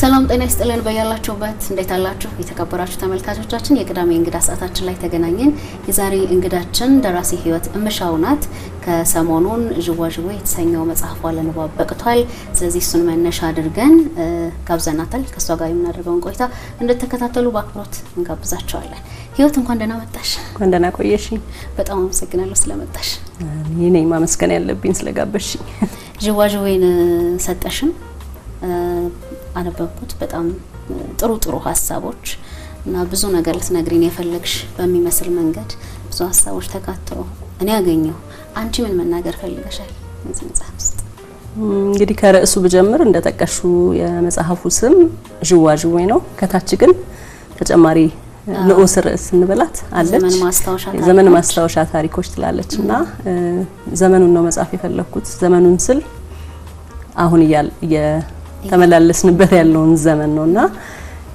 ሰላም ጤና ይስጥልን በያላችሁበት እንዴት አላችሁ? የተከበራችሁ ተመልካቾቻችን የቅዳሜ እንግዳ ሰዓታችን ላይ ተገናኘን። የዛሬ እንግዳችን ደራሲ ህይወት እምሻው ናት። ከሰሞኑን ዥዋዥዌ የተሰኘው መጽሐፏ ለንባብ በቅቷል። ስለዚህ እሱን መነሻ አድርገን ጋብዘናታል። ከእሷ ጋር የምናደርገውን ቆይታ እንድትከታተሉ በአክብሮት እንጋብዛቸዋለን። ህይወት እንኳን ደህና መጣሽ። እንኳን ደህና ቆየሽኝ። በጣም አመሰግናለሁ ስለመጣሽ። ይህ ማመስገን ያለብኝ ስለጋበዝሽኝ። ዥዋዥዌን ሰጠሽን አነበብኩት። በጣም ጥሩ ጥሩ ሀሳቦች እና ብዙ ነገር ልትነግሪን የፈለግሽ በሚመስል መንገድ ብዙ ሀሳቦች ተካተው እኔ ያገኘው። አንቺ ምን መናገር ፈልገሻል እዚህ መጽሐፍ ውስጥ? እንግዲህ ከርዕሱ ብጀምር እንደጠቀሹ የመጽሐፉ ስም ዥዋዥዌ ነው። ከታች ግን ተጨማሪ ንዑስ ርዕስ ስንበላት አለች ዘመን ማስታወሻ ታሪኮች ትላለች እና ዘመኑን ነው መጽሐፍ የፈለግኩት። ዘመኑን ስል አሁን ተመላለስንበት ያለውን ዘመን ነውና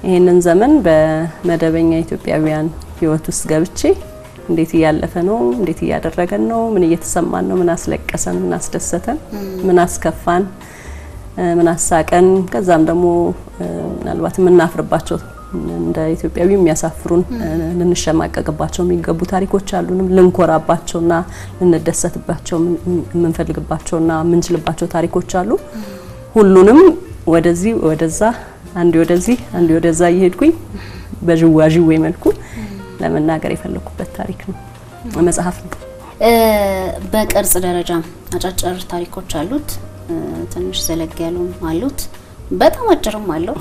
ይህንን ዘመን በመደበኛ ኢትዮጵያውያን ህይወት ውስጥ ገብቼ እንዴት እያለፈ ነው፣ እንዴት እያደረገን ነው፣ ምን እየተሰማን ነው፣ ምን አስለቀሰን፣ ምን አስደሰተን፣ ምን አስከፋን፣ ምን አሳቀን፣ ከዛም ደግሞ ምናልባት የምናፍርባቸው እንደ ኢትዮጵያዊ የሚያሳፍሩን ልንሸማቀቅባቸው የሚገቡ ታሪኮች አሉንም ልንኮራባቸውና ልንደሰትባቸው የምንፈልግባቸውና የምንችልባቸው ታሪኮች አሉ ሁሉንም ወደዚህ ወደዛ፣ አንድ ወደዚህ አንድ ወደዛ እየሄድኩኝ በዥዋዥዌ መልኩ ለመናገር የፈለኩበት ታሪክ ነው፣ መጽሐፍ ነው። በቅርጽ ደረጃ አጫጭር ታሪኮች አሉት፣ ትንሽ ዘለግ ያሉም አሉት፣ በጣም አጭርም አለው።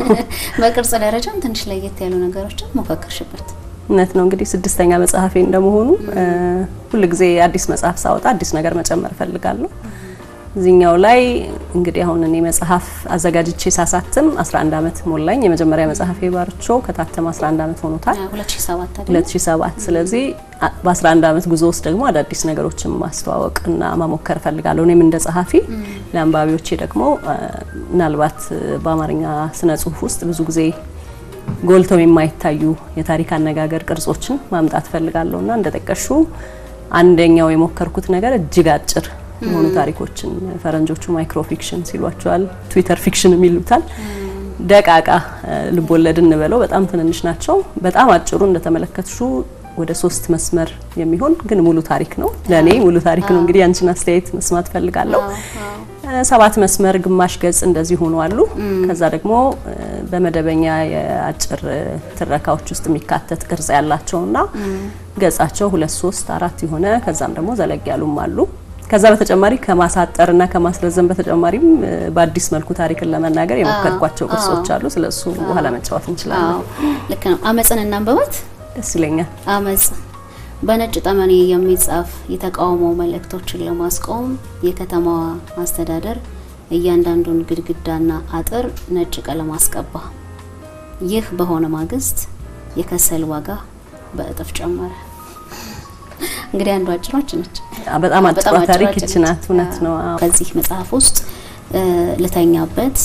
በቅርጽ ደረጃም ትንሽ ለየት ያሉ ነገሮችን ሞካከርሽበት እውነት ነው። እንግዲህ ስድስተኛ መጽሐፌ እንደመሆኑ ሁልጊዜ አዲስ መጽሐፍ ሳወጣ አዲስ ነገር መጨመር እፈልጋለሁ። እዚኛው ላይ እንግዲህ አሁን እኔ መጽሐፍ አዘጋጅቼ ሳሳትም 11 ዓመት ሞላኝ። የመጀመሪያ መጽሐፍ የባርቾ ከታተመ 11 ዓመት ሆኖታል 2007። ስለዚህ በ11 ዓመት ጉዞ ውስጥ ደግሞ አዳዲስ ነገሮችን ማስተዋወቅና መሞከር እፈልጋለሁ። እኔም እንደ ጸሐፊ ለአንባቢዎቼ ደግሞ ምናልባት በአማርኛ ስነ ጽሁፍ ውስጥ ብዙ ጊዜ ጎልተው የማይታዩ የታሪክ አነጋገር ቅርጾችን ማምጣት እና እንደጠቀሹ አንደኛው የሞከርኩት ነገር እጅግ አጭር የሆኑ ታሪኮችን ፈረንጆቹ ማይክሮ ፊክሽን ሲሏቸዋል፣ ትዊተር ፊክሽን የሚሉታል። ደቃቃ ልቦለድ እንበለው በጣም ትንንሽ ናቸው። በጣም አጭሩ እንደተመለከትሹ ወደ ሶስት መስመር የሚሆን ግን ሙሉ ታሪክ ነው። ለእኔ ሙሉ ታሪክ ነው። እንግዲህ አንቺን አስተያየት መስማት ፈልጋለሁ። ሰባት መስመር ግማሽ ገጽ እንደዚህ ሆኖ አሉ። ከዛ ደግሞ በመደበኛ የአጭር ትረካዎች ውስጥ የሚካተት ቅርጽ ያላቸውና ገጻቸው ሁለት ሶስት አራት የሆነ ከዛም ደግሞ ዘለግ ያሉም አሉ። ከዛ በተጨማሪ ከማሳጠርና ከማስረዘም በተጨማሪም በአዲስ መልኩ ታሪክን ለመናገር የሞከርኳቸው ቅርሶች አሉ። ስለሱ በኋላ መጫወት እንችላለን። ልክ ነው። አመጽን እናንብባት። ደስ ይለኛል። አመጽ በነጭ ጠመኔ የሚጻፍ የተቃውሞ መልእክቶችን ለማስቆም የከተማዋ አስተዳደር እያንዳንዱን ግድግዳና አጥር ነጭ ቀለም አስቀባ። ይህ በሆነ ማግስት የከሰል ዋጋ በእጥፍ ጨመረ። እንግዲህ አንዱ አጭሯች ነች። በጣም አጭር ታሪክ እውነት ነው። ከዚህ መጽሐፍ ውስጥ ልተኛበት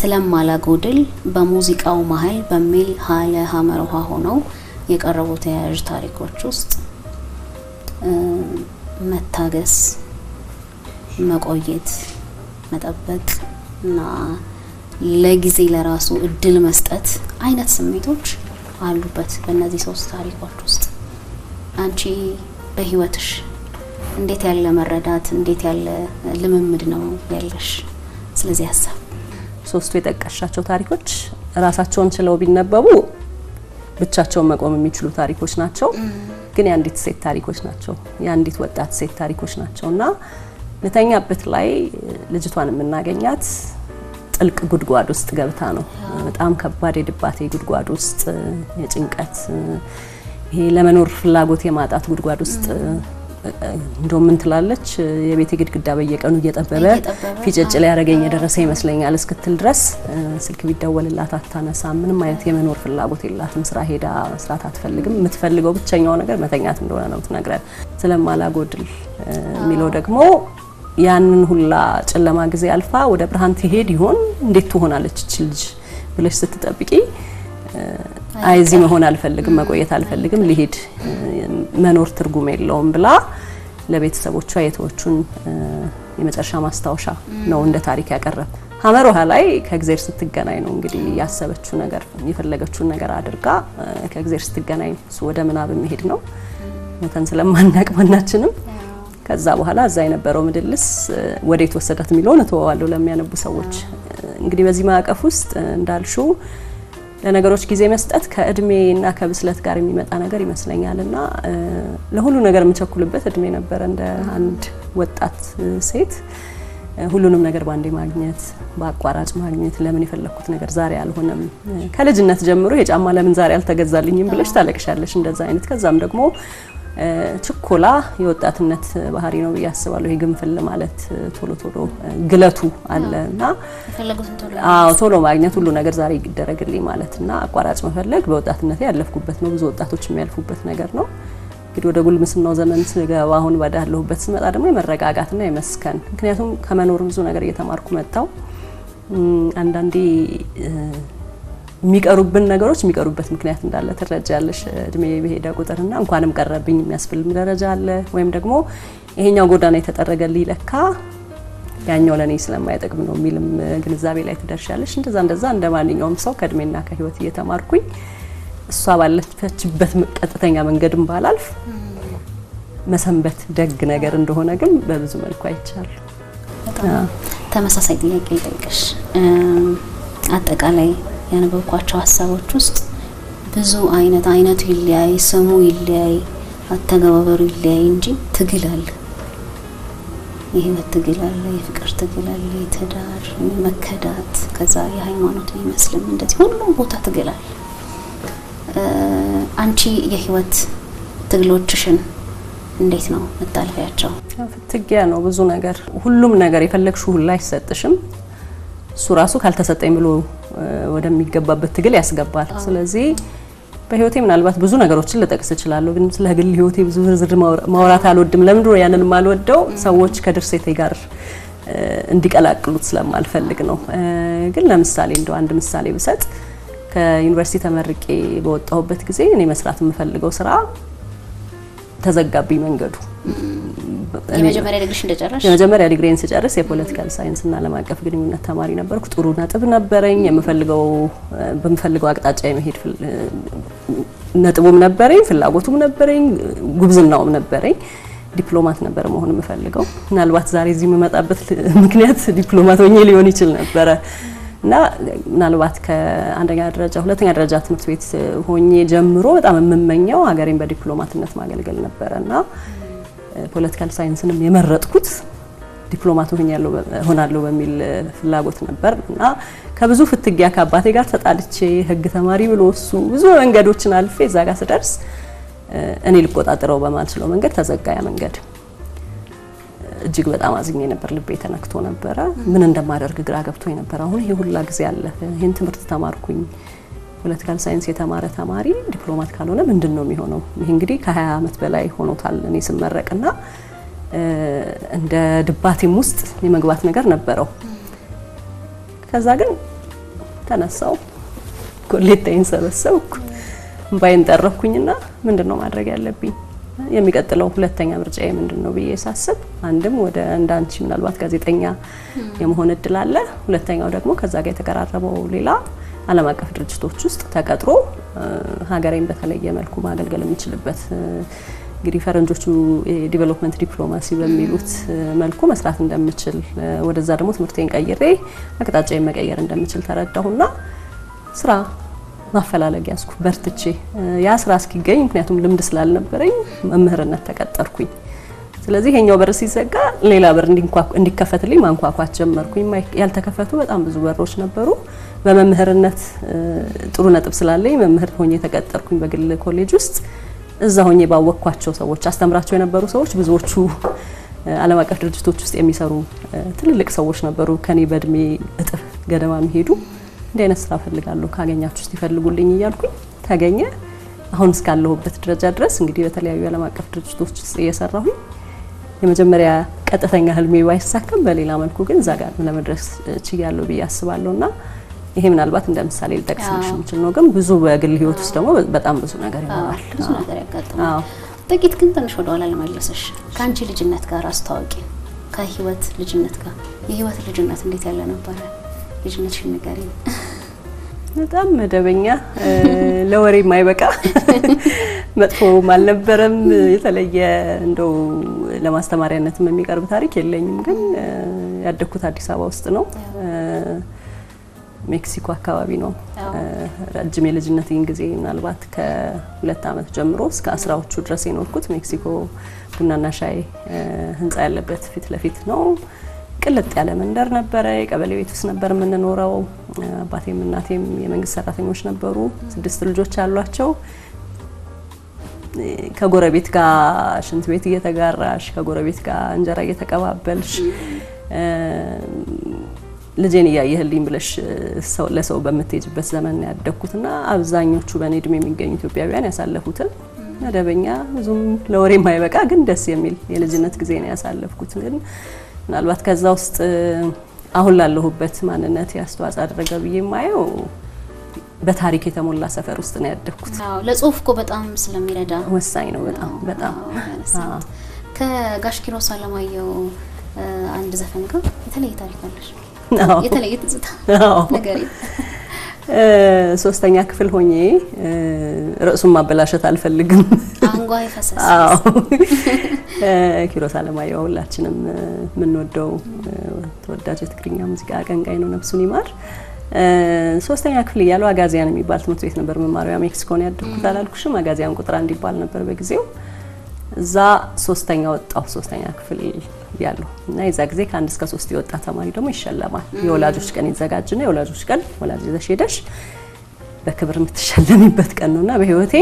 ስለማላጎድል በሙዚቃው መሀል በሚል ሀለ ሀመር ውሃ ሆነው የቀረቡ ተያያዥ ታሪኮች ውስጥ መታገስ፣ መቆየት፣ መጠበቅ እና ለጊዜ ለራሱ እድል መስጠት አይነት ስሜቶች አሉበት በእነዚህ ሶስት ታሪኮች ውስጥ አንቺ በህይወትሽ እንዴት ያለ መረዳት እንዴት ያለ ልምምድ ነው ያለሽ? ስለዚህ ሀሳብ ሶስቱ የጠቀሻቸው ታሪኮች ራሳቸውን ችለው ቢነበቡ ብቻቸውን መቆም የሚችሉ ታሪኮች ናቸው፣ ግን የአንዲት ሴት ታሪኮች ናቸው። የአንዲት ወጣት ሴት ታሪኮች ናቸው እና ልተኛበት ላይ ልጅቷን የምናገኛት ጥልቅ ጉድጓድ ውስጥ ገብታ ነው። በጣም ከባድ የድባቴ ጉድጓድ ውስጥ የጭንቀት ይሄ ለመኖር ፍላጎት የማጣት ጉድጓድ ውስጥ እንደው ምን ትላለች የቤት ግድግዳ በየቀኑ እየጠበበ ፊጨጭ ላይ ያደረገኝ የደረሰ ይመስለኛል እስክትል ድረስ ስልክ ቢደወልላት አታነሳ። ምንም አይነት የመኖር ፍላጎት የላትም። ስራ ሄዳ መስራት አትፈልግም። የምትፈልገው ብቸኛው ነገር መተኛት እንደሆነ ነው የምትነግረን። ስለማላጎድል የሚለው ደግሞ ያንን ሁላ ጨለማ ጊዜ አልፋ ወደ ብርሃን ትሄድ ይሆን እንዴት ትሆናለች እቺ ልጅ ብለሽ ስትጠብቂ አይ እዚህ መሆን አልፈልግም፣ መቆየት አልፈልግም፣ ልሂድ፣ መኖር ትርጉም የለውም ብላ ለቤተሰቦቿ የተወቹን የመጨረሻ ማስታወሻ ነው እንደ ታሪክ ያቀረብኩ። ሀመር ውሃ ላይ ከእግዜር ስትገናኝ ነው እንግዲህ ያሰበችው ነገር የፈለገችውን ነገር አድርጋ ከእግዚአብሔር ስትገናኝ እሱ ወደ ምናብ መሄድ ነው መተን ስለማናቅ ማናችንም። ከዛ በኋላ እዛ የነበረው ምድልስ ወደ የተወሰዳት የሚለውን እተወዋለሁ ለሚያነቡ ሰዎች። እንግዲህ በዚህ ማዕቀፍ ውስጥ እንዳልሹ ለነገሮች ጊዜ መስጠት እና ከብስለት ጋር የሚመጣ ነገር ይመስለኛል እና ለሁሉ ነገር የምቸኩልበት እድሜ ነበረ። እንደ አንድ ወጣት ሴት ሁሉንም ነገር በአንዴ ማግኘት፣ በአቋራጭ ማግኘት፣ ለምን የፈለግኩት ነገር ዛሬ አልሆነም። ከልጅነት ጀምሮ የጫማ ለምን ዛሬ አልተገዛልኝም ብለሽ ታለቅሻለሽ። እንደዛ አይነት ከዛም ደግሞ ችኮላ የወጣትነት ባህሪ ነው ብዬ አስባለሁ። የግንፍል ማለት ቶሎ ቶሎ ግለቱ አለ እና ቶሎ ማግኘት ሁሉ ነገር ዛሬ ይደረግልኝ ማለትና አቋራጭ መፈለግ በወጣትነት ያለፍኩበት ነው። ብዙ ወጣቶች የሚያልፉበት ነገር ነው። እንግዲህ ወደ ጉልምስናው ዘመን ስገባ አሁን ባዳለሁበት ስመጣ ደግሞ የመረጋጋትና የመስከን ምክንያቱም ከመኖር ብዙ ነገር እየተማርኩ መጣው አንዳንዴ የሚቀሩብን ነገሮች የሚቀሩበት ምክንያት እንዳለ ትረጃለሽ። እድሜ በሄደ ቁጥርና እንኳንም ቀረብኝ የሚያስብልም ደረጃ አለ። ወይም ደግሞ ይሄኛው ጎዳና የተጠረገልኝ ለካ ያኛው ለእኔ ስለማይጠቅም ነው የሚልም ግንዛቤ ላይ ትደርሻለሽ። እንደዛ እንደዛ እንደ ማንኛውም ሰው ከእድሜና ከህይወት እየተማርኩኝ እሷ ባለፈችበት ቀጥተኛ መንገድም ባላልፍ መሰንበት ደግ ነገር እንደሆነ ግን በብዙ መልኩ አይቻለሁ። ተመሳሳይ ጥያቄ ልጠይቅሽ አጠቃላይ ያነበብኳቸው ሀሳቦች ውስጥ ብዙ አይነት አይነቱ ይለያይ፣ ስሙ ይለያይ፣ አተገባበሩ ይለያይ እንጂ ትግል አለ። የህይወት ትግል አለ፣ የፍቅር ትግል አለ፣ የትዳር መከዳት፣ ከዛ የሃይማኖት ይመስልም እንደዚህ ሁሉም ቦታ ትግል አለ። አንቺ የህይወት ትግሎችሽን እንዴት ነው መታለፊያቸው? ፍትጊያ ነው ብዙ ነገር፣ ሁሉም ነገር የፈለግሽው ሁላ አይሰጥሽም። እሱ ራሱ ካልተሰጠኝ ብሎ ወደሚገባበት ትግል ያስገባል። ስለዚህ በህይወቴ ምናልባት ብዙ ነገሮችን ልጠቅስ እችላለሁ፣ ግን ስለ ግል ህይወቴ ብዙ ዝርዝር ማውራት አልወድም። ለምንድን ነው ያንን የማልወደው? ሰዎች ከድርሴቴ ጋር እንዲቀላቅሉት ስለማልፈልግ ነው። ግን ለምሳሌ እንደው አንድ ምሳሌ ብሰጥ ከዩኒቨርሲቲ ተመርቄ በወጣሁበት ጊዜ እኔ መስራት የምፈልገው ስራ ተዘጋብኝ መንገዱ የመጀመሪያ ዲግሪሽ እንደጨረሽ? ዲግሪን ስጨርስ የፖለቲካል ሳይንስና ዓለም አቀፍ ግንኙነት ተማሪ ነበርኩ። ጥሩ ነጥብ ነበረኝ። የምፈልገው በምፈልገው አቅጣጫ የመሄድ ነጥቡም ነበረኝ፣ ፍላጎቱም ነበረኝ፣ ጉብዝናውም ነበረኝ። ዲፕሎማት ነበር መሆን የምፈልገው። ምናልባት ዛሬ እዚህ የምመጣበት ምክንያት ዲፕሎማት ሆኜ ሊሆን ይችል ነበረ እና ምናልባት ከአንደኛ ደረጃ ሁለተኛ ደረጃ ትምህርት ቤት ሆኜ ጀምሮ በጣም የምመኘው ሀገሬን በዲፕሎማትነት ማገልገል ነበረ እና ፖለቲካል ሳይንስንም የመረጥኩት ዲፕሎማት ሆናለሁ በሚል ፍላጎት ነበር እና ከብዙ ፍትጊያ ከአባቴ ጋር ተጣልቼ ህግ ተማሪ ብሎ እሱ ብዙ መንገዶችን አልፌ እዛ ጋር ስደርስ እኔ ልቆጣጠረው በማልችለው መንገድ ተዘጋያ መንገድ። እጅግ በጣም አዝኜ ነበር። ልቤ ተነክቶ ነበረ። ምን እንደማደርግ ግራ ገብቶኝ ነበር። አሁን ይሄ ሁላ ጊዜ አለፈ፣ ይህን ትምህርት ተማርኩኝ ፖለቲካል ሳይንስ የተማረ ተማሪ ዲፕሎማት ካልሆነ ምንድን ነው የሚሆነው? ይህ እንግዲህ ከ20 ዓመት በላይ ሆኖታል እኔ ስመረቅና እንደ ድባቴም ውስጥ የመግባት ነገር ነበረው። ከዛ ግን ተነሳው ኮሌታይን ሰበሰብኩ እምባዬን ጠረኩኝና ምንድን ነው ማድረግ ያለብኝ የሚቀጥለው ሁለተኛ ምርጫዬ ምንድን ነው ብዬ ሳስብ አንድም ወደ እንዳንቺ ምናልባት ጋዜጠኛ የመሆን እድል አለ። ሁለተኛው ደግሞ ከዛ ጋር የተቀራረበው ሌላ ዓለም አቀፍ ድርጅቶች ውስጥ ተቀጥሮ ሀገሬን በተለየ መልኩ ማገልገል የምችልበት እንግዲህ ፈረንጆቹ የዲቨሎፕመንት ዲፕሎማሲ በሚሉት መልኩ መስራት እንደምችል ወደዛ ደግሞ ትምህርቴን ቀይሬ አቅጣጫዬን መቀየር እንደምችል ተረዳሁና ስራ ማፈላለግ ያዝኩ በርትቼ ያ ስራ እስኪገኝ ምክንያቱም ልምድ ስላልነበረኝ መምህርነት ተቀጠርኩኝ ስለዚህ ይሄኛው በር ሲዘጋ ሌላ በር እንዲከፈትልኝ ማንኳኳት ጀመርኩኝ። ያልተከፈቱ በጣም ብዙ በሮች ነበሩ። በመምህርነት ጥሩ ነጥብ ስላለኝ መምህር ሆኜ ተቀጠርኩኝ በግል ኮሌጅ ውስጥ። እዛ ሆኜ ባወቅኳቸው ሰዎች አስተምራቸው የነበሩ ሰዎች ብዙዎቹ ዓለም አቀፍ ድርጅቶች ውስጥ የሚሰሩ ትልልቅ ሰዎች ነበሩ፣ ከኔ በእድሜ እጥፍ ገደማ የሚሄዱ እንዲህ አይነት ስራ ፈልጋለሁ ካገኛችሁ ውስጥ ይፈልጉልኝ እያልኩኝ ተገኘ። አሁን እስካለሁበት ደረጃ ድረስ እንግዲህ በተለያዩ ዓለም አቀፍ ድርጅቶች ውስጥ እየሰራሁኝ የመጀመሪያ ቀጥተኛ ህልሜ ባይሳካም በሌላ መልኩ ግን እዛ ጋር ለመድረስ ችያለሁ ብዬ አስባለሁ እና ይሄ ምናልባት እንደ ምሳሌ ልጠቅስልሽ የምችል ነው። ግን ብዙ በግል ህይወት ውስጥ ደግሞ በጣም ብዙ ነገር ይኖራል፣ ብዙ ነገር ያጋጥማል። ጥቂት ግን ትንሽ ወደኋላ ለመለሰሽ ከአንቺ ልጅነት ጋር አስተዋወቂ፣ ከህይወት ልጅነት ጋር የህይወት ልጅነት እንዴት ያለ ነበረ? ልጅነት ሽንገሪ በጣም መደበኛ ለወሬ የማይበቃ መጥፎም አልነበረም። የተለየ እንደው ለማስተማሪያነትም የሚቀርብ ታሪክ የለኝም፣ ግን ያደግኩት አዲስ አበባ ውስጥ ነው። ሜክሲኮ አካባቢ ነው። ረጅም የልጅነት ጊዜ ምናልባት ከሁለት ዓመት ጀምሮ እስከ አስራዎቹ ድረስ የኖርኩት ሜክሲኮ ቡናና ሻይ ህንፃ ያለበት ፊት ለፊት ነው። ቅልጥ ያለ መንደር ነበረ። የቀበሌ ቤት ውስጥ ነበር የምንኖረው። አባቴም እናቴም የመንግስት ሰራተኞች ነበሩ። ስድስት ልጆች አሏቸው። ከጎረቤት ጋር ሽንት ቤት እየተጋራሽ ከጎረቤት ጋር እንጀራ እየተቀባበልሽ ልጄን እያየህልኝ ብለሽ ለሰው በምትሄጅበት ዘመን ያደግኩት አብዛኞቹ በእኔ እድሜ የሚገኙ ኢትዮጵያውያን ያሳለፉትን መደበኛ ብዙም ለወሬ የማይበቃ ግን ደስ የሚል የልጅነት ጊዜ ነው ያሳለፍኩት። ግን ምናልባት ከዛ ውስጥ አሁን ላለሁበት ማንነት ያስተዋጽኦ አደረገ ብዬ የማየው በታሪክ የተሞላ ሰፈር ውስጥ ነው ያደግኩት። ለጽሁፍ እኮ በጣም ስለሚረዳ ወሳኝ ነው። በጣም በጣም ከጋሽ ኪሮስ አለማየሁ አንድ ዘፈን ጋር የተለየ ታሪክ አለሽ፣ የተለየ ትዝታ ነገር ሶስተኛ ክፍል ሆኜ ርዕሱን ማበላሸት አልፈልግም። አንጓ ይፈሰስ። ኪሮስ አለማየሁ ሁላችንም የምንወደው ተወዳጅ የትግርኛ ሙዚቃ አቀንቃኝ ነው። ነፍሱን ይማር። ሶስተኛ ክፍል እያለሁ አጋዚያን የሚባል ትምህርት ቤት ነበር መማሪያ። ሜክሲኮን ነው ያደግኩት አላልኩሽም? አጋዚያን ቁጥር አንድ ይባል ነበር በጊዜው። እዛ ሶስተኛ ወጣሁ ሶስተኛ ክፍል እያለሁ እና የዛ ጊዜ ከአንድ እስከ ሶስት የወጣ ተማሪ ደግሞ ይሸለማል። የወላጆች ቀን ይዘጋጅና የወላጆች ቀን ወላጅ ይዘሽ ሄደሽ በክብር የምትሸለሚበት ቀን ነውና በህይወቴ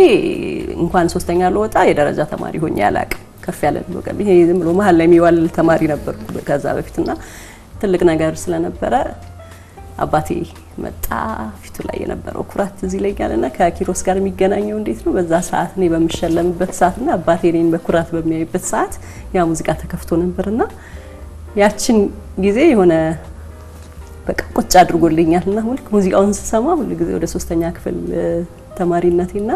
እንኳን ሶስተኛ ልወጣ የደረጃ ተማሪ ሆኜ አላቅም። ከፍ ያለ ቀን ይሄ ዝም ብሎ መሀል ላይ የሚዋልል ተማሪ ነበርኩ ከዛ በፊትና ትልቅ ነገር ስለነበረ አባቴ መጣ ፊቱ ላይ የነበረው ኩራት እዚህ ላይ እና ከኪሮስ ጋር የሚገናኘው እንዴት ነው? በዛ ሰዓት እኔ በምሸለምበት ሰዓትና አባቴ እኔን በኩራት በሚያይበት ሰዓት ያ ሙዚቃ ተከፍቶ ነበርና ያችን ጊዜ የሆነ በቃ ቁጭ አድርጎልኛል እና ሁል ሙዚቃውን ስሰማ ሁሉ ጊዜ ወደ ሶስተኛ ክፍል ተማሪነቴና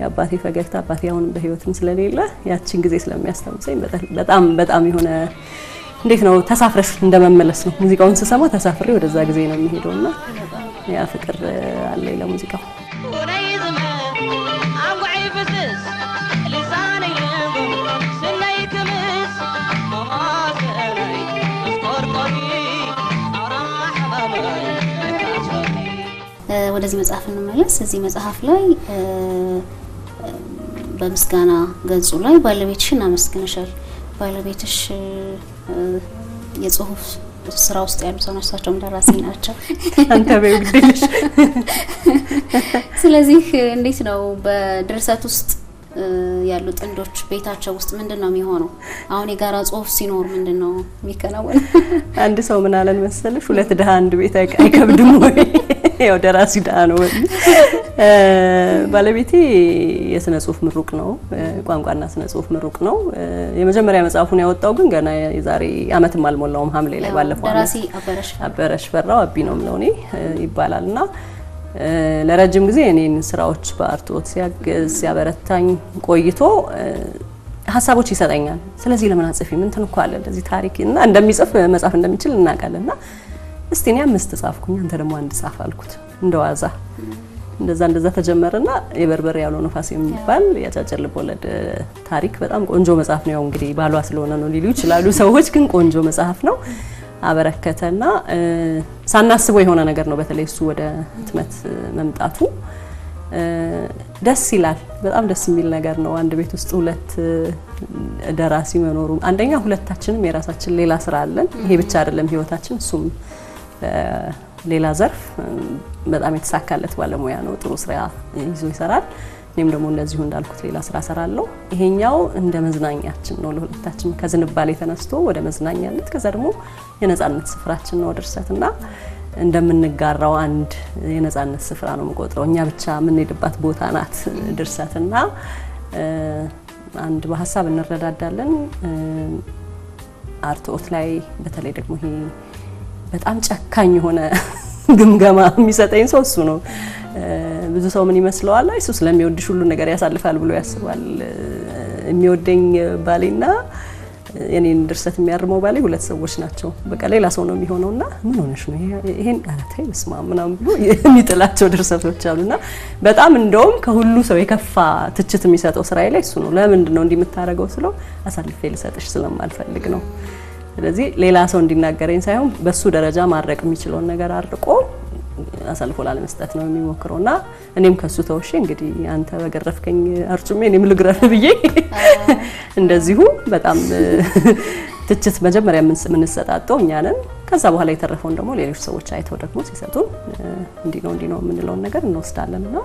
የአባቴ ፈገግታ አባቴ አሁንም በህይወትም ስለሌለ ያችን ጊዜ ስለሚያስታውሰኝ በጣም በጣም የሆነ እንዴት ነው ተሳፍረሽ እንደመመለስ ነው። ሙዚቃውን ስሰማ ተሳፍሬ ወደዛ ጊዜ ነው የሚሄደው እና ያ ፍቅር አለኝ ለሙዚቃው። ወደዚህ መጽሐፍ እንመለስ። እዚህ መጽሐፍ ላይ በምስጋና ገጹ ላይ ባለቤትሽን አመስግነሻል። ባለቤትሽ የጽሁፍ ስራ ውስጥ ያሉ ሰው ናቸው ደራሲ ናቸው። አንተ ግድልሽ። ስለዚህ እንዴት ነው በድርሰት ውስጥ ያሉ ጥንዶች ቤታቸው ውስጥ ምንድን ነው የሚሆነው? አሁን የጋራ ጽሁፍ ሲኖር ምንድን ነው የሚከናወነው? አንድ ሰው ምን አለን መሰለሽ፣ ሁለት ድሀ አንድ ቤት አይከብድም ወይ? ያው ደራሲ ድሀ ነው። ባለቤቴ የስነ ጽሁፍ ምሩቅ ነው። ቋንቋና ስነ ጽሁፍ ምሩቅ ነው። የመጀመሪያ መጽሐፉን ያወጣው ግን ገና የዛሬ አመትም አልሞላውም ሐምሌ ላይ ባለፈው ደራሲ አበረሽ ፈራው አቢ ነው የምለው እኔ ይባላል እና ለረጅም ጊዜ እኔን ስራዎች በአርትዖት ሲያግዝ ሲያበረታኝ ቆይቶ ሀሳቦች ይሰጠኛል። ስለዚህ ለምን አጽፊ ምን ትንኳለ እንደዚህ ታሪክ እና እንደሚጽፍ መጽሐፍ እንደሚችል እናውቃለን እና እስቲ እኔ አምስት ጻፍኩኝ አንተ ደግሞ አንድ ጻፍ አልኩት እንደዋዛ እንደዛ እንደዛ ተጀመረና የበርበሬ ያለው ነፋስ የሚባል ያጫጭር ልቦለድ ታሪክ በጣም ቆንጆ መጽሐፍ ነው። ያው እንግዲህ ባሏ ስለሆነ ነው ሊሉ ይችላሉ ሰዎች፣ ግን ቆንጆ መጽሐፍ ነው። አበረከተና ሳናስበው የሆነ ነገር ነው። በተለይ እሱ ወደ ህትመት መምጣቱ ደስ ይላል። በጣም ደስ የሚል ነገር ነው። አንድ ቤት ውስጥ ሁለት ደራሲ መኖሩ አንደኛ ሁለታችንም የራሳችን ሌላ ስራ አለን። ይሄ ብቻ አይደለም ህይወታችን እሱም ሌላ ዘርፍ በጣም የተሳካለት ባለሙያ ነው። ጥሩ ስራ ይዞ ይሰራል። እኔም ደግሞ እንደዚሁ እንዳልኩት ሌላ ስራ ሰራለሁ። ይሄኛው እንደ መዝናኛችን ነው ለሁለታችን። ከዝንባሌ ተነስቶ ወደ መዝናኛነት፣ ከዛ ደግሞ የነጻነት ስፍራችን ነው ድርሰትና እንደምንጋራው አንድ የነጻነት ስፍራ ነው የምቆጥረው። እኛ ብቻ የምንሄድባት ቦታ ናት ድርሰትና አንድ በሀሳብ እንረዳዳለን። አርትኦት ላይ በተለይ ደግሞ ይሄ በጣም ጨካኝ የሆነ ግምገማ የሚሰጠኝ ሰው እሱ ነው። ብዙ ሰው ምን ይመስለዋል? እሱ ስለሚወድሽ ሁሉ ነገር ያሳልፋል ብሎ ያስባል። የሚወደኝ ባሌና የኔን ድርሰት የሚያርመው ባሌ ሁለት ሰዎች ናቸው። በቃ ሌላ ሰው ነው የሚሆነውና ምን ሆነሽ ነው ይሄን አላታይ በስማ ምናምን ብሎ የሚጥላቸው ድርሰቶች አሉና በጣም እንደውም ከሁሉ ሰው የከፋ ትችት የሚሰጠው ስራዬ ላይ እሱ ነው። ለምንድን ነው እንዲህ የምታደርገው ስለው አሳልፌ ልሰጥሽ ስለማልፈልግ ነው ስለዚህ ሌላ ሰው እንዲናገረኝ ሳይሆን በሱ ደረጃ ማድረቅ የሚችለውን ነገር አድርቆ አሳልፎ ላለመስጠት ነው የሚሞክረው እና እኔም ከሱ ተውሼ እንግዲህ አንተ በገረፍከኝ አርጩሜ እኔም ልግረፍ ብዬ እንደዚሁ በጣም ትችት መጀመሪያ የምንሰጣጠው እኛ ነን። ከዛ በኋላ የተረፈውን ደግሞ ሌሎች ሰዎች አይተው ደግሞ ሲሰጡን እንዲህ ነው ነው የምንለውን ነገር እንወስዳለን እና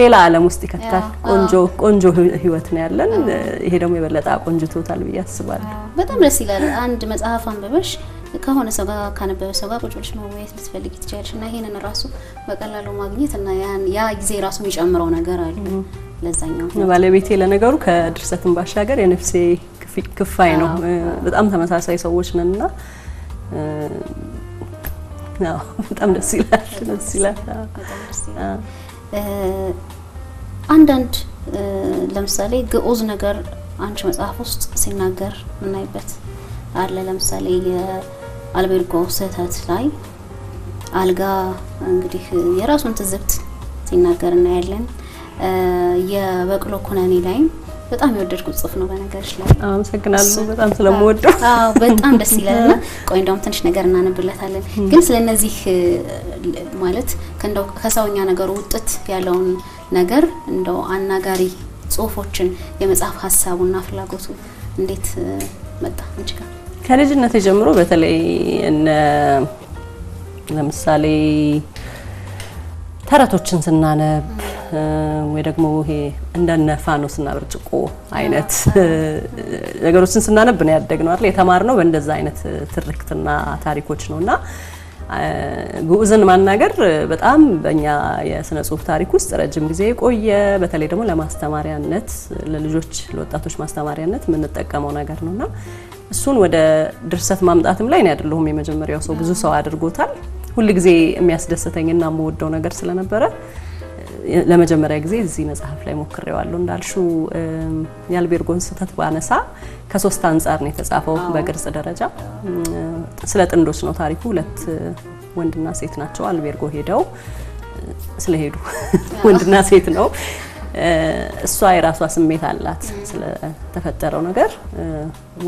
ሌላ ዓለም ውስጥ ይከታል። ቆንጆ ቆንጆ ህይወት ነው ያለን። ይሄ ደግሞ የበለጠ አቆንጅቶታል ብዬ አስባለሁ። በጣም ደስ ይላል። አንድ መጽሐፍ አንብበሽ ከሆነ ሰው ጋር ካነበበ ሰው ጋር ቁጭ ብለሽ መወያየት ልትፈልጊ ትችላለሽ እና ይሄንን ራሱ በቀላሉ ማግኘት እና ያ ጊዜ ራሱ የሚጨምረው ነገር አለ። ለዛኛው ባለቤቴ ለነገሩ ከድርሰትን ባሻገር የነፍሴ ክፋይ ነው። በጣም ተመሳሳይ ሰዎች ነን እና በጣም ደስ ይላል። ደስ ይላል። አንዳንድ ለምሳሌ ግዑዝ ነገር አንቺ መጽሐፍ ውስጥ ሲናገር ምናይበት አለ። ለምሳሌ የአልቤርጎ ስህተት ላይ አልጋ እንግዲህ የራሱን ትዝብት ሲናገር እናያለን። የበቅሎ ኩነኔ ላይም በጣም የወደድኩት ጽሁፍ ነው በነገርሽ ላይ። አመሰግናለሁ። በጣም ስለምወደው አዎ፣ በጣም ደስ ይላልና ቆይ እንደውም ትንሽ ነገር እናነብለታለን። ግን ስለነዚህ ማለት ከእንደው ከሰውኛ ነገሩ ውጥት ያለውን ነገር እንደው አናጋሪ ጽሁፎችን የመጽሐፍ ሀሳቡና ፍላጎቱ እንዴት መጣ አንቺ ጋር? ከልጅነት ጀምሮ በተለይ እነ ለምሳሌ ተረቶችን ስናነብ ወይ ደግሞ ይሄ እንደነ ፋኖስና ብርጭቆ አይነት ነገሮችን ስናነብ ነው ያደግነው አይደል? የተማርነው በእንደዛ አይነት ትርክትና ታሪኮች ነውና ግዑዝን ማናገር በጣም በእኛ የስነ ጽሁፍ ታሪክ ውስጥ ረጅም ጊዜ የቆየ በተለይ ደግሞ ለማስተማሪያነት ለልጆች ለወጣቶች ማስተማሪያነት የምንጠቀመው ነገር ነውና እሱን ወደ ድርሰት ማምጣትም ላይ እኔ አይደለሁም የመጀመሪያው ሰው፣ ብዙ ሰው አድርጎታል። ሁልጊዜ የሚያስደስተኝና የምወደው ነገር ስለነበረ ለመጀመሪያ ጊዜ እዚህ መጽሐፍ ላይ ሞክሬዋለሁ። እንዳልሹ የአልቤርጎን ስህተት ባነሳ ከሶስት አንጻር ነው የተጻፈው። በቅርጽ ደረጃ ስለ ጥንዶች ነው ታሪኩ። ሁለት ወንድና ሴት ናቸው አልቤርጎ ሄደው ስለሄዱ ወንድና ሴት ነው። እሷ የራሷ ስሜት አላት ስለተፈጠረው ነገር፣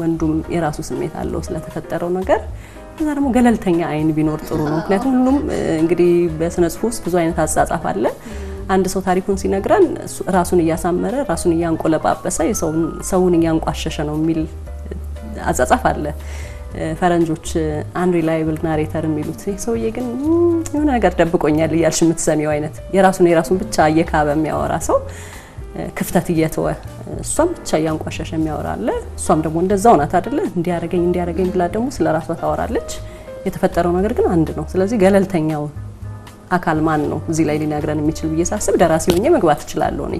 ወንዱም የራሱ ስሜት አለው ስለተፈጠረው ነገር። እዛ ደግሞ ገለልተኛ አይን ቢኖር ጥሩ ነው። ምክንያቱም ሁሉም እንግዲህ በስነ ጽሁፍ ውስጥ ብዙ አይነት አጻጻፍ አለ። አንድ ሰው ታሪኩን ሲነግረን ራሱን እያሳመረ ራሱን እያንቆለጳጰሰ ሰውን እያንቋሸሸ ነው የሚል አጻጻፍ አለ። ፈረንጆች አንሪላይብል ናሬተር የሚሉት ሰውዬ ግን የሆነ ነገር ደብቆኛል እያልሽ የምትሰሚው አይነት የራሱን የራሱን ብቻ እየካበ የሚያወራ ሰው ክፍተት እየተወ እሷም ብቻ እያንቋሸሸ የሚያወራ አለ። እሷም ደግሞ እንደዛው ናት አደለ? እንዲያረገኝ እንዲያረገኝ ብላ ደግሞ ስለ ራሷ ታወራለች። የተፈጠረው ነገር ግን አንድ ነው። ስለዚህ ገለልተኛውን አካል ማን ነው እዚህ ላይ ሊነግረን የሚችል ብዬ ሳስብ ደራሲ ሆኜ መግባት እችላለሁ። እኔ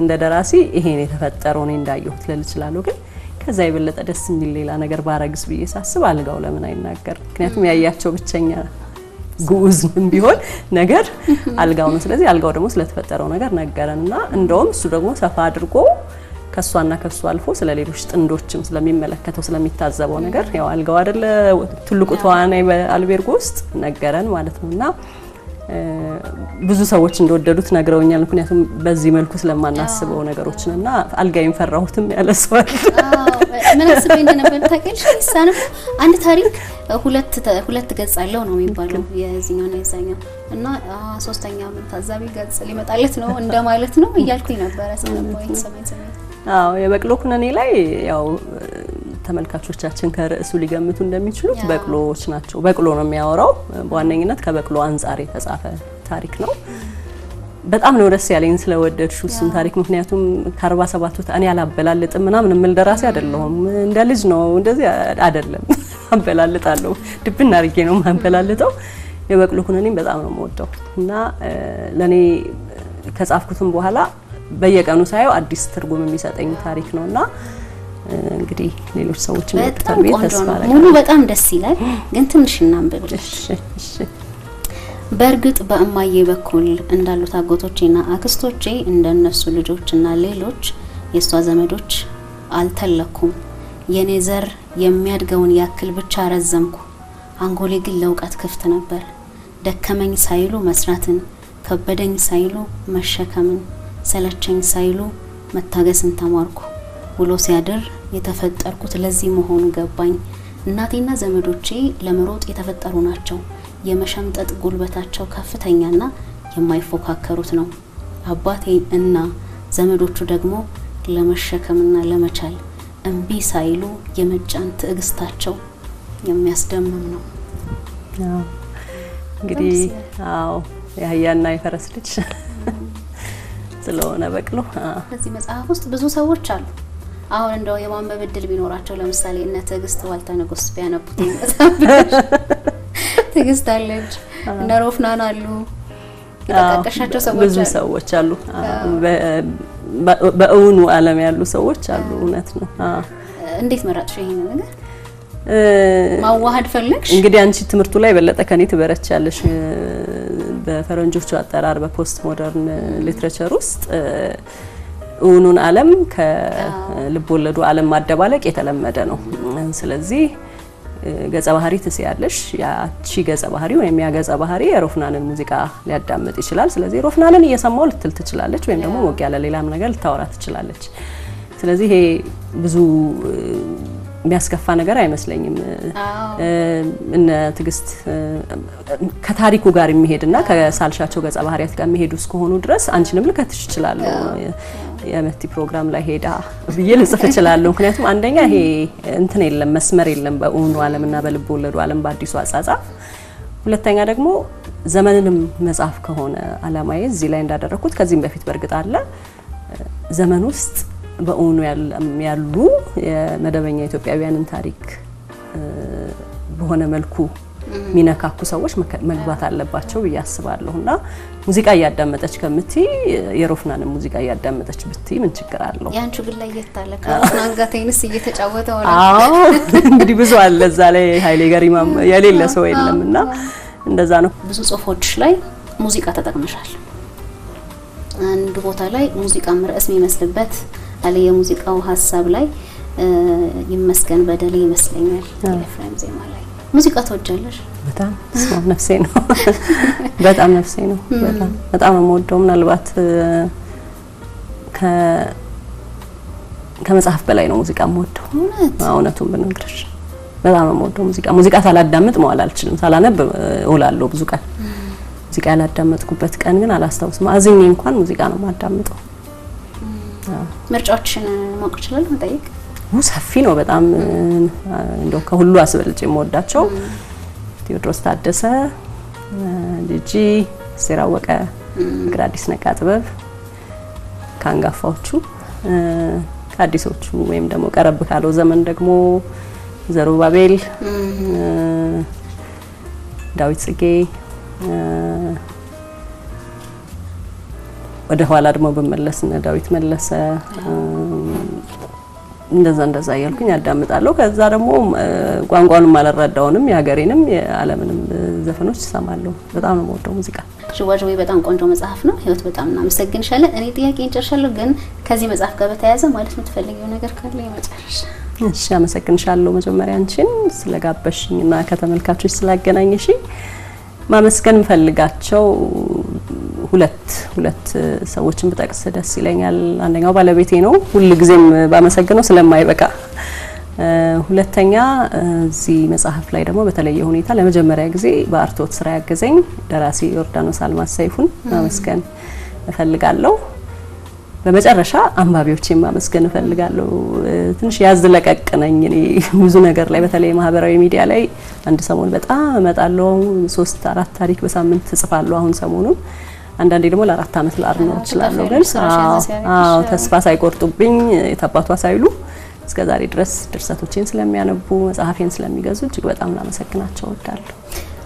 እንደ ደራሲ ይሄን የተፈጠረው እኔ እንዳየሁት ልል እችላለሁ። ግን ከዛ የበለጠ ደስ የሚል ሌላ ነገር ባረግስ ብዬ ሳስብ አልጋው ለምን አይናገር? ምክንያቱም ያያቸው ብቸኛ ግዑዝ ቢሆን ነገር አልጋው ነው። ስለዚህ አልጋው ደግሞ ስለተፈጠረው ነገር ነገረን እና እንደውም እሱ ደግሞ ሰፋ አድርጎ ከእሷና ከእሱ አልፎ ስለ ሌሎች ጥንዶችም ስለሚመለከተው ስለሚታዘበው ነገር ያው አልጋው አደለ ትልቁ ተዋናይ በአልቤርጎ ውስጥ ነገረን ማለት ነው እና ብዙ ሰዎች እንደወደዱት ነግረውኛል። ምክንያቱም በዚህ መልኩ ስለማናስበው ነገሮችን እና አልጋይም ፈራሁትም ያለሰዋል ሰው አለ። ምን አስበው እንደነበር ታውቂያለሽ? ሳነብ አንድ ታሪክ ሁለት ሁለት ገጽ አለው ነው የሚባለው የዚህኛው ነው የዛኛው እና ሶስተኛ ታዛቢ ገጽ ሊመጣለት ነው እንደማለት ነው እያልኩኝ ነበረ። ሰሞኑን ሰሞኑን አዎ የበቅሎ ኩነኔ ላይ ያው ተመልካቾቻችን ከርዕሱ ሊገምቱ እንደሚችሉት በቅሎዎች ናቸው። በቅሎ ነው የሚያወራው። በዋነኝነት ከበቅሎ አንጻር የተጻፈ ታሪክ ነው። በጣም ነው ደስ ያለኝ ስለወደድሽ እሱን ታሪክ ምክንያቱም ከአርባ ሰባት ቱ እኔ አላበላልጥም ምናምን የምል ደራሲ አይደለሁም። እንደ ልጅ ነው እንደዚህ አይደለም። አበላልጣለሁ፣ ድብን አድርጌ ነው ማበላልጠው። የበቅሎ ኩነኔም በጣም ነው የምወደው እና ለእኔ ከጻፍኩትም በኋላ በየቀኑ ሳየው አዲስ ትርጉም የሚሰጠኝ ታሪክ ነውና እንግዲህ ሌሎች ሰዎች በጣም ቆንጆ ሙሉ በጣም ደስ ይላል፣ ግን ትንሽ እናንብብ። በእርግጥ በእማዬ በኩል እንዳሉት አጎቶቼና አክስቶቼ እንደነሱ ልጆችና ሌሎች የእሷ ዘመዶች አልተለኩም። የኔ ዘር የሚያድገውን ያክል ብቻ ረዘምኩ። አንጎሌ ግን ለእውቀት ክፍት ነበር። ደከመኝ ሳይሉ መስራትን፣ ከበደኝ ሳይሉ መሸከምን፣ ሰለቸኝ ሳይሉ መታገስን ተማርኩ። ውሎ ሲያድር የተፈጠርኩት ለዚህ መሆኑ ገባኝ። እናቴና ዘመዶቼ ለመሮጥ የተፈጠሩ ናቸው። የመሸምጠጥ ጉልበታቸው ከፍተኛና የማይፎካከሩት ነው። አባቴ እና ዘመዶቹ ደግሞ ለመሸከምና ለመቻል እምቢ ሳይሉ የመጫን ትዕግስታቸው የሚያስደምም ነው። እንግዲህ አዎ የአህያና የፈረስ ልጅ ስለሆነ በቅሎ በዚህ መጽሐፍ ውስጥ ብዙ ሰዎች አሉ አሁን እንደው የማንበብ እድል ቢኖራቸው ለምሳሌ እነ ትዕግስት ዋልተ ንጉስ ቢያነቡት ትዕግስት አለች፣ እነ ሮፍናን አሉ፣ የጠቃቀሻቸው ሰዎች ብዙ ሰዎች አሉ። በእውኑ ዓለም ያሉ ሰዎች አሉ። እውነት ነው። እንዴት መረጥሽ ይሄን ነገር? ማዋሃድ ፈለግሽ? እንግዲህ አንቺ ትምህርቱ ላይ የበለጠ ከኔ ትበረቻለሽ። በፈረንጆቹ አጠራር በፖስት ሞደርን ሊትሬቸር ውስጥ እውኑን ዓለም ከልብ ወለዱ ዓለም ማደባለቅ የተለመደ ነው። ስለዚህ ገጸ ባህሪ ትስያለሽ። ያቺ ገጸ ባህሪ ወይም ያ ገጸ ባህሪ የሮፍናንን ሙዚቃ ሊያዳምጥ ይችላል። ስለዚህ ሮፍናንን እየሰማው ልትል ትችላለች፣ ወይም ደግሞ ሞቅ ያለ ሌላም ነገር ልታወራ ትችላለች። ስለዚህ ይሄ ብዙ የሚያስከፋ ነገር አይመስለኝም። እነ ትግስት ከታሪኩ ጋር የሚሄድና ከሳልሻቸው ገጸ ባህሪያት ጋር የሚሄዱ እስከሆኑ ድረስ አንቺንም ልከትሽ ይችላሉ። የመቲ ፕሮግራም ላይ ሄዳ ብዬ ልጽፍ እችላለሁ። ምክንያቱም አንደኛ ይሄ እንትን የለም መስመር የለም በእውኑ ዓለምና በልብ ወለዱ ዓለም በአዲሱ አጻጻፍ፣ ሁለተኛ ደግሞ ዘመንንም መጽሐፍ ከሆነ አላማዬ እዚህ ላይ እንዳደረግኩት ከዚህም በፊት በእርግጥ አለ ዘመን ውስጥ በእውኑ ያሉ የመደበኛ ኢትዮጵያውያንን ታሪክ በሆነ መልኩ የሚነካኩ ሰዎች መግባት አለባቸው ብዬ አስባለሁ። እና ሙዚቃ እያዳመጠች ከምት የሮፍናንም ሙዚቃ እያዳመጠች ብት ምን ችግር አለው? ያንቺ ግን ለየት አለ። ከሮፍናን ጋር ቴኒስ እየተጫወተው ነው። አዎ እንግዲህ ብዙ አለ እዛ ላይ ሀይሌ ገሪማም የሌለ ሰው የለም። እና እንደዛ ነው። ብዙ ጽሁፎች ላይ ሙዚቃ ተጠቅመሻል። አንድ ቦታ ላይ ሙዚቃ ርዕስ የሚመስልበት አለ። የሙዚቃው ሀሳብ ላይ ይመስገን በደሌ ይመስለኛል ዜማ ላይ ሙዚቃ ትወጃለሽ? በጣም ስማም ነፍሴ ነው። በጣም ነፍሴ ነው። በጣም በጣም የምወደው ምናልባት ከመጽሐፍ በላይ ነው ሙዚቃ የምወደው። እውነቱን ብነግርሽ በጣም ነው የምወደው ሙዚቃ። ሙዚቃ ሳላዳምጥ መዋል አልችልም። ሳላነብ እውላለሁ ብዙ ቀን። ሙዚቃ ያላዳመጥኩበት ቀን ግን አላስታውስም። አዝኜ እንኳን ሙዚቃ ነው የማዳምጠው። ምርጫዎችን ማወቅ ይችላል መጠየቅ ሰፊ ነው በጣም እንደው ከሁሉ አስበልጭ የምወዳቸው ቴዎድሮስ ታደሰ፣ ጂጂ፣ ሲራወቀ፣ አወቀ፣ አዲስ፣ ነቃ ጥበብ ከአንጋፋዎቹ ከአዲሶቹ ወይም ደግሞ ቀረብ ካለው ዘመን ደግሞ ዘሩባቤል፣ ዳዊት ጽጌ ወደ ኋላ ደግሞ ብመለስ ዳዊት መለሰ እንደዛ እንደዛ እያልኩኝ አዳምጣለሁ። ከዛ ደግሞ ቋንቋንም አልረዳውንም የሀገሬንም የዓለምንም ዘፈኖች እሰማለሁ። በጣም ነው የምወደው ሙዚቃ። ዥዋዥዌ በጣም ቆንጆ መጽሐፍ ነው። ህይወት በጣም እናመሰግንሻለን። እኔ ጥያቄ እንጨርሻለሁ፣ ግን ከዚህ መጽሐፍ ጋር በተያያዘ ማለት የምትፈልጊው ነገር ካለ የመጨረሻ እሺ አመሰግንሻለሁ። መጀመሪያ አንቺን ስለጋበሽኝ እና ከተመልካቾች ስላገናኘሽ ማመስገን ፈልጋቸው ሁለት ሁለት ሰዎችን ብጠቅስ ደስ ይለኛል። አንደኛው ባለቤቴ ነው፣ ሁልጊዜም ባመሰግነው ስለማይበቃ። ሁለተኛ እዚህ መጽሐፍ ላይ ደግሞ በተለየ ሁኔታ ለመጀመሪያ ጊዜ በአርቶት ስራ ያገዘኝ ደራሲ ዮርዳኖስ አልማዝ ሰይፉን ማመስገን እፈልጋለሁ። በመጨረሻ አንባቢዎቼን ማመስገን እፈልጋለሁ። ትንሽ ያዝ ለቀቅ ነኝ እኔ ብዙ ነገር ላይ በተለይ ማህበራዊ ሚዲያ ላይ አንድ ሰሞን በጣም እመጣለሁ። ሶስት አራት ታሪክ በሳምንት እጽፋለሁ አሁን ሰሞኑን አንዳንዴ ደግሞ ለአራት አመት ላርኖር እችላለሁ። ግን አዎ ተስፋ ሳይቆርጡብኝ የታባቷ ሳይሉ እስከ ዛሬ ድረስ ድርሰቶቼን ስለሚያነቡ መጽሐፌን ስለሚገዙ እጅግ በጣም ላመሰግናቸው እወዳለሁ።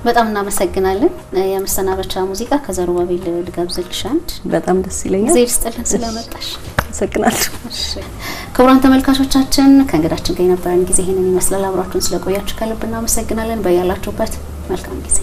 በጣም እናመሰግናለን። የመሰናበቻ ሙዚቃ ከዘሩባቤል ልጋብዝልሽ። አንድ በጣም ደስ ይለኛል። ጊዜ ይስጥልን ስለመጣሽ አመሰግናለሁ። ክቡራን ተመልካቾቻችን ከእንግዳችን ጋር የነበረን ጊዜ ይህንን ይመስላል። አብራችሁን ስለቆያችሁ ከልብ እናመሰግናለን። በያላችሁበት መልካም ጊዜ